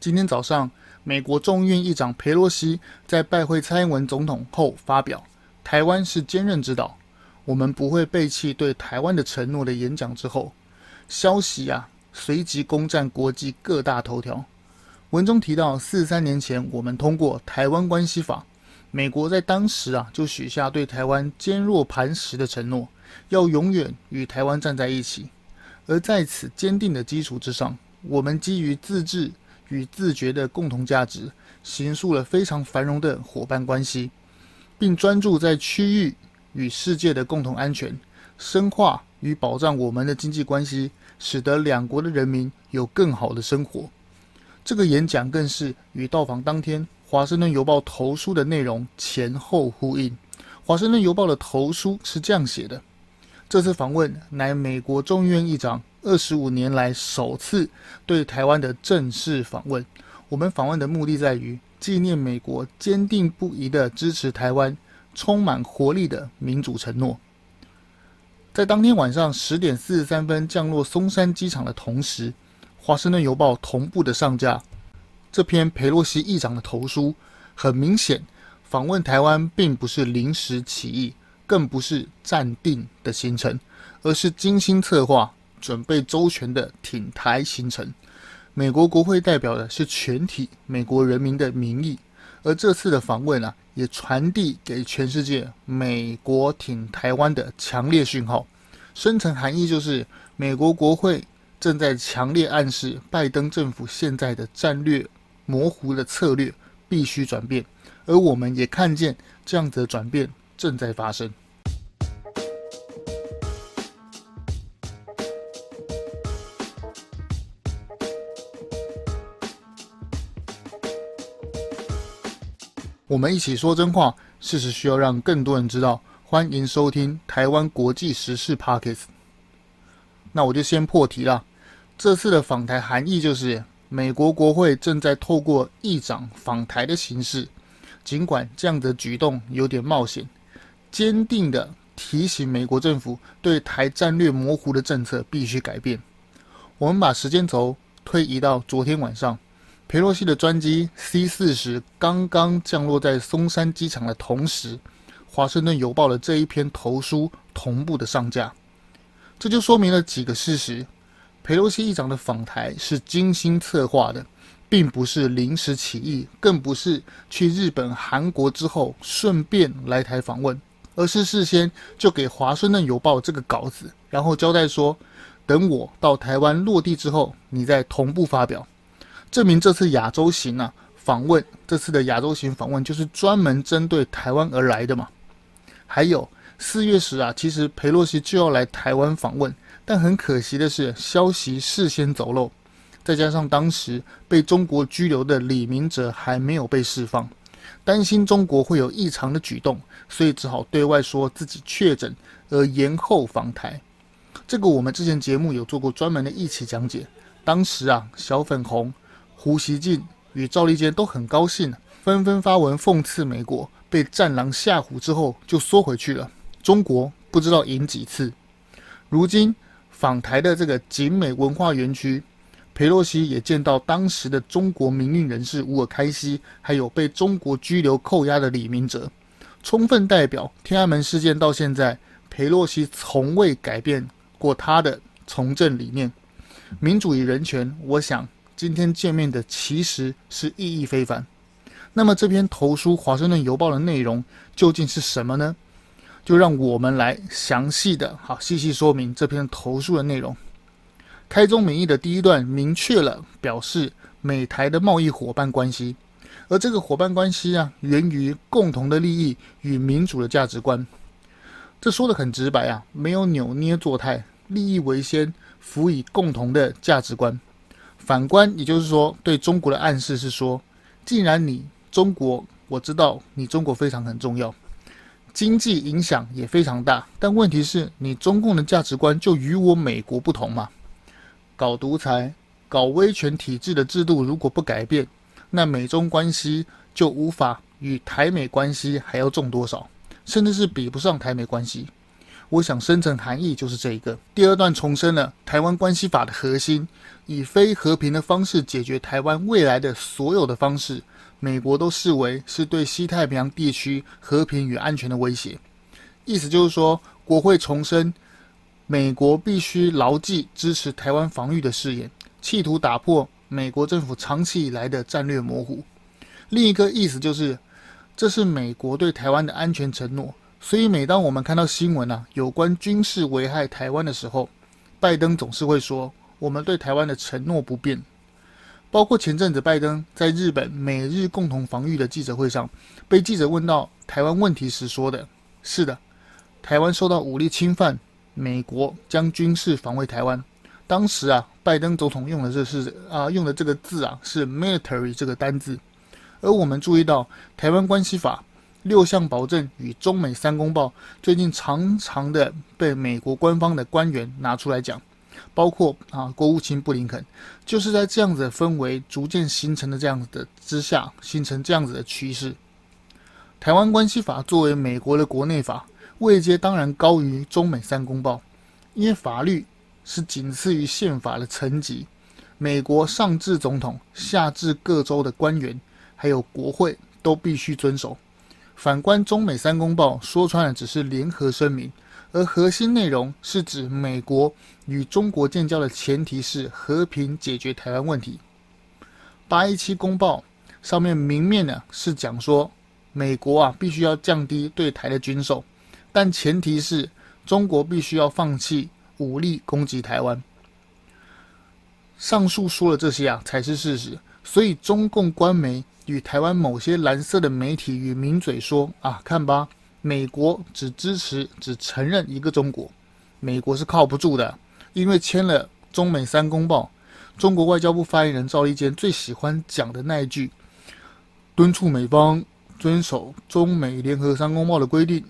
今天早上，美國眾議院議長裴洛西在拜會蔡英文總統後，發表“台灣是堅韌之島，我們不會背棄對台灣的承諾”的演講之後，消息啊隨即攻佔國際各大頭條。文中提到，四三年前，我們通過《台灣關係法》，美國在當時啊就許下對台灣堅若磐石的承諾，要永遠與台灣站在一起。而在此堅定的基礎之上，我們基於自治。與自覺的共同價值，形塑了非常繁榮的夥伴關係，並專注在區域與世界的共同安全，深化與保障我們的經濟關係，使得兩國的人民有更好的生活。這個演講更是與到訪當天《華盛頓郵報》投書的內容前後呼應。《華盛頓郵報》的投書是這樣寫的：“這次訪問乃美國眾議院議長。”二十五年來首次對台灣的正式訪問，我們訪問的目的在於紀念美國堅定不移的支持台灣充滿活力的民主承諾。在當天晚上十點四十三分降落松山機場的同時，華盛頓郵報同步的上架這篇裴洛西議長的投書。很明顯，訪問台灣並不是臨時起意，更不是暫定的行程，而是精心策劃。準備周全的挺台行程，美國國會代表的是全體美國人民的民意，而這次的訪問呢、啊，也傳遞給全世界美國挺台灣的強烈訊號。深層含義就是，美國國會正在強烈暗示拜登政府現在的戰略模糊的策略必須轉變，而我們也看見這樣子的轉變正在發生。我們一起說真話，事實需要讓更多人知道。歡迎收聽《台灣國際時事 Podcast》。那我就先破題啦。這次的訪台含義就是，美國國會正在透過議長訪台的形式，儘管這樣的舉動有點冒險，堅定地提醒美國政府對台戰略模糊的政策必須改變。我們把時間軸推移到昨天晚上。裴洛西的專機 C 四十剛剛降落在松山機場的同時，華盛頓郵報的這一篇投書同步的上架，這就說明了幾個事實：裴洛西議長的訪台是精心策劃的，並不是臨時起意，更不是去日本、韓國之後順便來台訪問，而是事先就給華盛頓郵報這個稿子，然後交代說，等我到台灣落地之後，你再同步發表。證明這次亞洲行啊，訪問這次的亞洲行訪問就是專門針對台灣而來的嘛。還有四月時啊，其實裴洛西就要來台灣訪問，但很可惜的是消息事先走漏，再加上當時被中國拘留的李明哲還沒有被釋放，擔心中國會有異常的舉動，所以只好對外說自己確診而延後訪台。這個我們之前節目有做過專門的一期講解，當時啊，小粉紅。胡錫進與趙立堅都很高興，紛紛發文諷刺美國被戰狼嚇唬之後就縮回去了。中國不知道贏幾次。如今訪台的這個景美文化園區，裴洛西也見到當時的中國民運人士吾爾開希，還有被中國拘留扣押的李明哲，充分代表天安門事件到現在，裴洛西從未改變過他的從政理念，民主與人權。我想。今天見面的其實是意義非凡。那麼這篇投書《華盛頓郵報》的內容究竟是什麼呢？就讓我們來詳細的、好細細說明這篇投書的內容。開宗明義的第一段明確了表示美台的貿易伙伴關係，而這個伙伴關係啊，源於共同的利益與民主的價值觀。這說得很直白啊，沒有扭捏作態，利益為先，輔以共同的價值觀。反觀，也就是說，對中國的暗示是說，既然你中國，我知道你中國非常很重要，經濟影響也非常大，但問題是，你中共的價值觀就與我美國不同嘛？搞獨裁、搞威權體制的制度，如果不改變，那美中關係就無法與台美關係還要重多少，甚至是比不上台美關係。我想深層含義就是這一個。第二段重申了《臺灣關係法》的核心：以非和平的方式解決臺灣未來的所有的方式，美國都視為是對西太平洋地區和平與安全的威脅。意思就是說，國會重申，美國必須牢記支持臺灣防禦的誓言，企圖打破美國政府長期以來的戰略模糊。另一個意思就是，這是美國對臺灣的安全承諾。所以每當我們看到新聞吶、啊，有關軍事危害台灣的時候，拜登總是會說：“我們對台灣的承諾不變。”包括前陣子拜登在日本美日共同防禦的記者會上，被記者問到台灣問題時說的：“是的，台灣受到武力侵犯，美國將軍事防衛台灣。”當時啊，拜登總統用的這是啊，用的這個字啊是 “military” 這個單字，而我們注意到《台灣關係法》。六項保證與中美三公報最近常常的被美國官方的官員拿出來講，包括啊國務卿布林肯，就是在這樣子的氛圍逐漸形成的這樣子的之下，形成這樣子的趨勢。台灣關係法作為美國的國內法，位階當然高於中美三公報，因為法律是僅次於憲法的層級，美國上至總統，下至各州的官員，還有國會都必須遵守。反觀中美三公報，說穿了只是聯合聲明，而核心內容是指美國與中國建交的前提是和平解決台灣問題。八一七公報上面明面呢是講說，美國啊必須要降低對台的軍售，但前提是中國必須要放棄武力攻擊台灣。上述說了這些啊，才是事實，所以中共官媒。與台灣某些藍色的媒體與名嘴說：“啊，看吧，美國只支持、只承認一個中國，美國是靠不住的，因為簽了中美三公報。”中國外交部發言人趙立堅最喜歡講的那一句：“敦促美方遵守中美聯合三公報的規定。”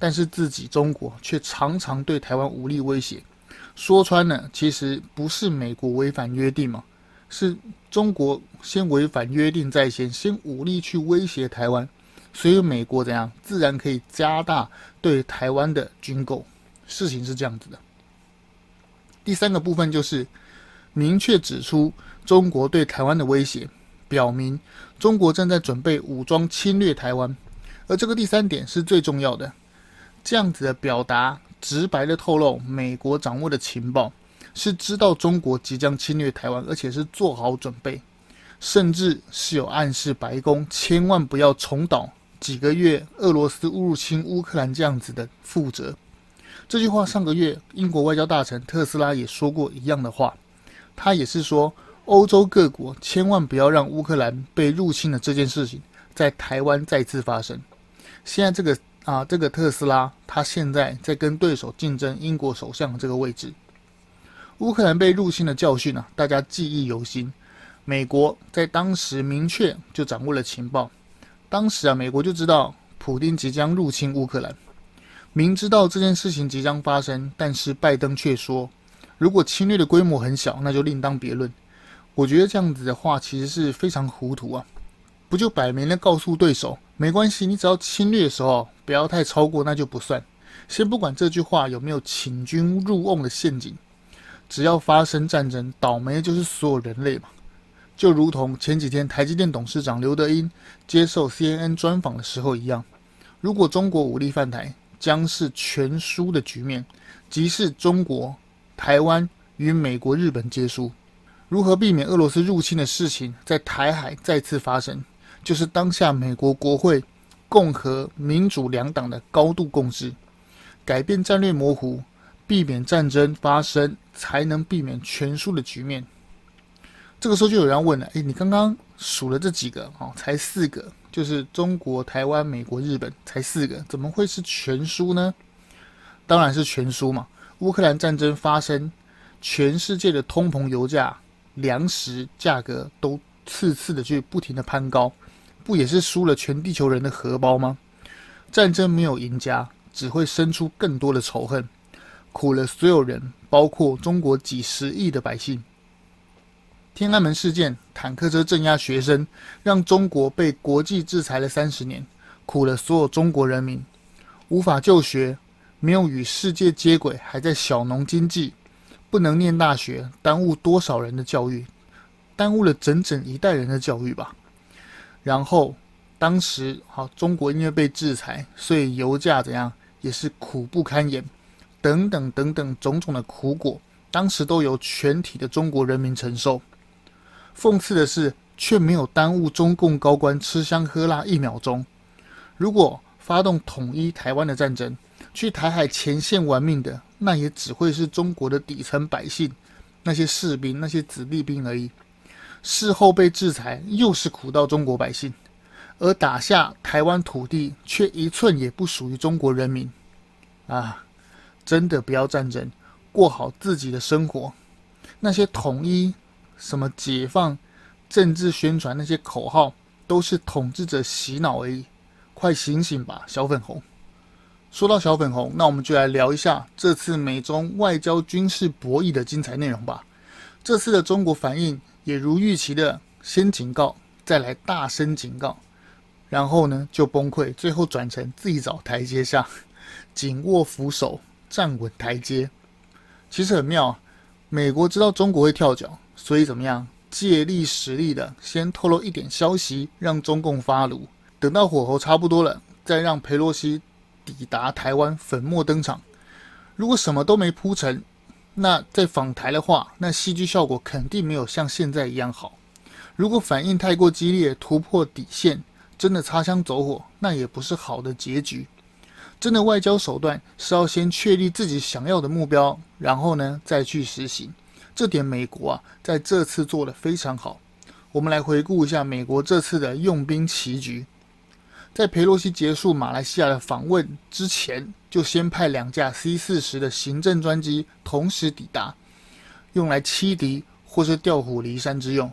但是自己中國卻常常對台灣武力威脅，說穿了，其實不是美國違反約定嘛。是中國先違反約定在先，先武力去威脅台灣，所以美國怎樣自然可以加大對台灣的軍購。事情是這樣子的。第三個部分就是明確指出中國對台灣的威脅，表明中國正在準備武裝侵略台灣。而這個第三點是最重要的。這樣子的表達直白地透露美國掌握的情報。是知道中國即將侵略台灣，而且是做好準備，甚至是有暗示白宮千萬不要重蹈幾個月俄羅斯誤入侵烏克蘭這樣子的覆轍。這句話上個月英國外交大臣特斯拉也說過一樣的話，他也是說歐洲各國千萬不要讓烏克蘭被入侵的這件事情在台灣再次發生。現在這個啊，這個特斯拉他現在在跟對手競爭英國首相的這個位置。烏克蘭被入侵的教訓啊，大家記憶猶新。美國在當時明確就掌握了情報，當時啊，美國就知道普丁即將入侵烏克蘭，明知道這件事情即將發生，但是拜登卻說：“如果侵略的規模很小，那就另當別論。”我覺得這樣子的話其實是非常糊塗啊！不就擺明了告訴對手，沒關係，你只要侵略的時候不要太超過，那就不算。先不管這句話有沒有請君入甕的陷阱。只要發生戰爭，倒霉就是所有人類嘛。就如同前幾天台積電董事長劉德音接受 CNN 專訪的時候一樣，如果中國武力犯台，將是全輸的局面，即是中國、台灣與美國、日本皆輸。如何避免俄羅斯入侵的事情在台海再次發生，就是當下美國國會共和、民主兩黨的高度共識，改變戰略模糊。避免戰爭發生，才能避免全輸的局面。這個時候就有人要問了：“誒、欸，你剛剛數了這幾個哦，才四個，就是中國、台灣、美國、日本，才四個，怎麼會是全輸呢？”當然是全輸嘛！烏克蘭戰爭發生，全世界的通膨油、油價、糧食價格都次次的去不停的攀高，不也是輸了全地球人的荷包嗎？戰爭沒有贏家，只會生出更多的仇恨。苦了所有人，包括中國幾十億的百姓。天安門事件，坦克車鎮壓學生，讓中國被國際制裁了三十年，苦了所有中國人民，無法就學，沒有與世界接軌，還在小農經濟，不能念大學，耽誤多少人的教育，耽誤了整整一代人的教育吧。然後，當時好，中國因為被制裁，所以油價怎樣也是苦不堪言。等等等等種種的苦果，當時都由全體的中國人民承受。諷刺的是，卻沒有耽誤中共高官吃香喝辣一秒鐘。如果發動統一台灣的戰爭，去台海前線玩命的，那也只會是中國的底層百姓，那些士兵、那些子弟兵而已。事後被制裁，又是苦到中國百姓，而打下台灣土地，卻一寸也不屬於中國人民啊！真的不要戰爭，過好自己的生活。那些統一、什麼解放、政治宣傳那些口號，都是統治者洗腦而已。快醒醒吧，小粉紅！說到小粉紅，那我們就來聊一下這次美中外交軍事博弈的精彩內容吧。這次的中國反應也如預期的，先警告，再來大聲警告，然後呢就崩潰，最後轉成自己找台階下，緊握扶手。站穩台階，其實很妙。美國知道中國會跳腳，所以怎麼樣借力使力的，先透露一點消息，讓中共發爐，等到火候差不多了，再讓裴洛西抵達台灣，粉墨登場。如果什麼都沒鋪成，那在訪台的話，那戲劇效果肯定沒有像現在一樣好。如果反應太過激烈，突破底線，真的擦槍走火，那也不是好的結局。真的外交手段是要先確立自己想要的目標，然後呢再去實行。這點美國啊在這次做得非常好。我們來回顧一下美國這次的用兵棋局。在佩洛西結束馬來西亞的訪問之前，就先派兩架 C 四十的行政專機同時抵達，用來欺敵或是調虎離山之用。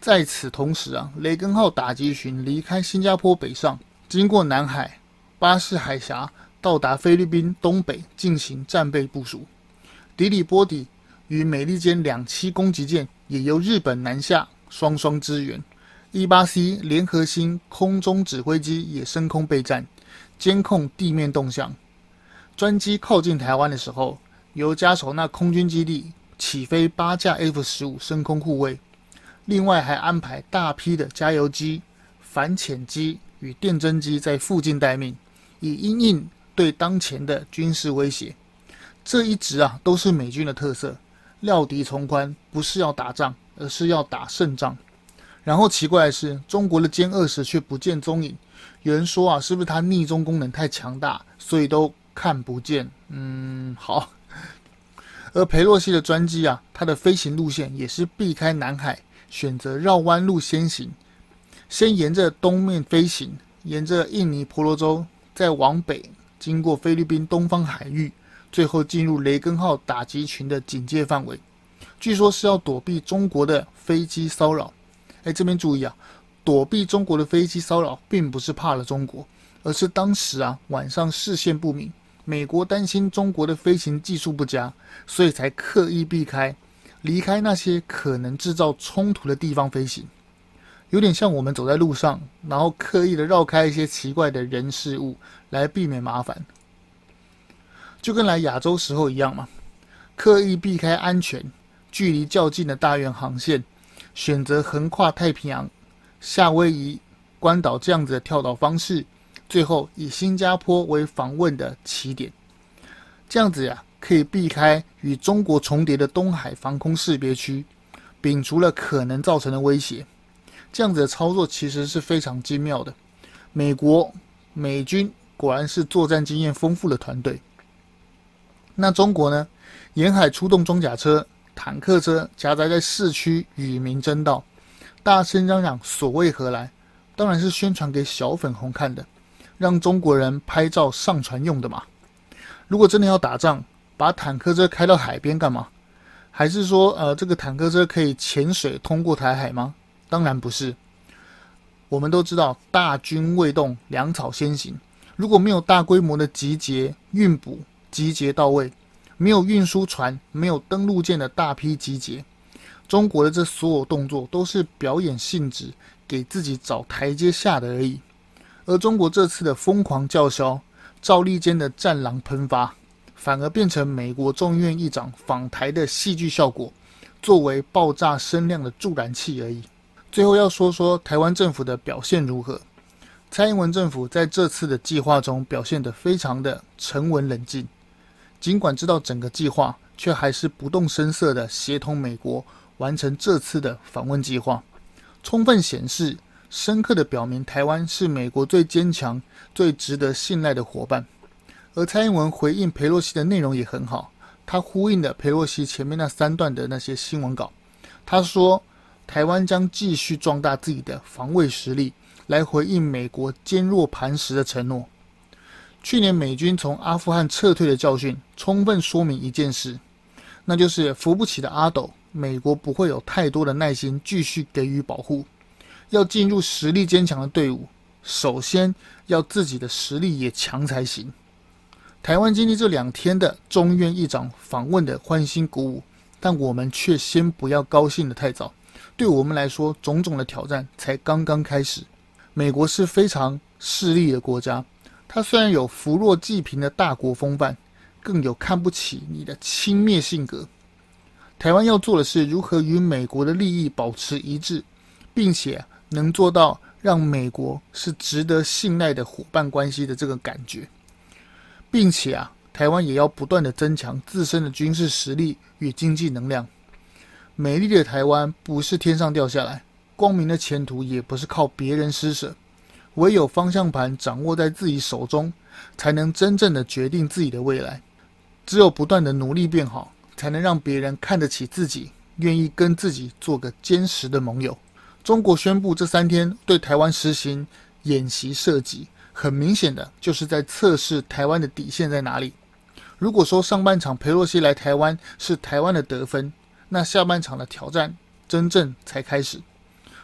在此同時啊，雷根號打擊群離開新加坡北上，經過南海。巴士海峽到達菲律賓東北進行戰備部署，的黎波里與美利堅兩棲攻擊艦也由日本南下，雙雙支援。E 八 C 聯合星空中指揮機也升空備戰，監控地面動向。專機靠近台灣的時候，由嘉手納空軍基地起飛八架 F 十五升空護衛，另外還安排大批的加油機、反潛機與電偵機在附近待命。以因應對當前的軍事威脅，這一直啊都是美軍的特色，料敵從寬，不是要打仗，而是要打勝仗。然後奇怪的是，中國的殲二十卻不見蹤影。有人說啊，是不是它匿蹤功能太強大，所以都看不見？嗯，好。而裴洛西的專機啊，它的飛行路線也是避開南海，選擇繞彎路先行，先沿着東面飛行，沿着印尼婆羅洲。再往北，經過菲律賓東方海域，最後進入雷根號打擊群的警戒範圍。據說是要躲避中國的飛機騷擾。哎，這邊注意啊，躲避中國的飛機騷擾，並不是怕了中國，而是當時啊，晚上視線不明，美國擔心中國的飛行技術不佳，所以才刻意避開，離開那些可能製造衝突的地方飛行。有點像我們走在路上，然後刻意的繞開一些奇怪的人事物來避免麻煩，就跟來亞洲時候一樣嘛，刻意避開安全距離較近的大圓航線，選擇橫跨太平洋、夏威夷、關島這樣子的跳島方式，最後以新加坡為訪問的起點，這樣子呀、啊、可以避開與中國重疊的東海防空識別區，摒除了可能造成的威脅。這樣子的操作其實是非常精妙的。美國美軍果然是作戰經驗豐富的團隊。那中國呢？沿海出動裝甲車、坦克車，夾雜在市區與民爭道，大聲嚷嚷所謂何來？當然是宣傳給小粉紅看的，讓中國人拍照上傳用的嘛。如果真的要打仗，把坦克車開到海邊幹嘛？還是說，呃，這個坦克車可以潛水通過台海嗎？當然不是。我們都知道，大軍未動，糧草先行。如果沒有大規模的集結運補，集結到位，沒有運輸船、沒有登陸艦的大批集結，中國的這所有動作都是表演性質，給自己找台階下的而已。而中國這次的瘋狂叫囂，趙立堅的戰狼噴發，反而變成美國眾議院議長訪台的戲劇效果，作為爆炸聲量的助燃器而已。最後要說說台灣政府的表現如何？蔡英文政府在這次的計劃中表現得非常的沉穩冷靜，儘管知道整個計劃，卻還是不動聲色地協同美國完成這次的訪問計劃，充分顯示深刻地表明台灣是美國最堅強、最值得信賴的夥伴。而蔡英文回應裴洛西的內容也很好，他呼應了裴洛西前面那三段的那些新聞稿，他說：台灣將繼續壯大自己的防衛實力，來回應美國堅若磐石的承諾。去年美軍從阿富汗撤退的教訓，充分說明一件事，那就是扶不起的阿斗，美國不會有太多的耐心繼續給予保護。要進入實力堅強的隊伍，首先要自己的實力也強才行。台灣經歷這兩天的眾院議長訪問的歡欣鼓舞，但我們卻先不要高興得太早。對我們來說，種種的挑戰才剛剛開始。美國是非常勢利的國家，它雖然有扶弱濟貧的大國風範，更有看不起你的輕蔑性格。台灣要做的是如何與美國的利益保持一致，並且能做到讓美國是值得信賴的夥伴關係的這個感覺，並且啊，台灣也要不斷地增強自身的軍事實力與經濟能量。美麗的台灣不是天上掉下來，光明的前途也不是靠別人施捨，唯有方向盤掌握在自己手中，才能真正的決定自己的未來。只有不斷的努力變好，才能讓別人看得起自己，願意跟自己做個堅實的盟友。中國宣布這三天對台灣實行演習射擊，很明顯的就是在測試台灣的底線在哪裡。如果說上半場裴洛西來台灣是台灣的得分。那下半場的挑戰真正才開始。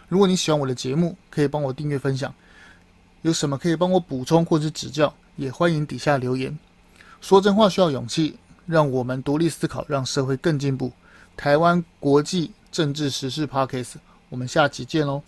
如果你喜歡我的節目，可以幫我訂閱分享。有什麼可以幫我補充或者指教，也歡迎底下留言。說真話需要勇氣，讓我們獨立思考，讓社會更進步。台灣國際政治時事 Podcast，我們下期見嘍。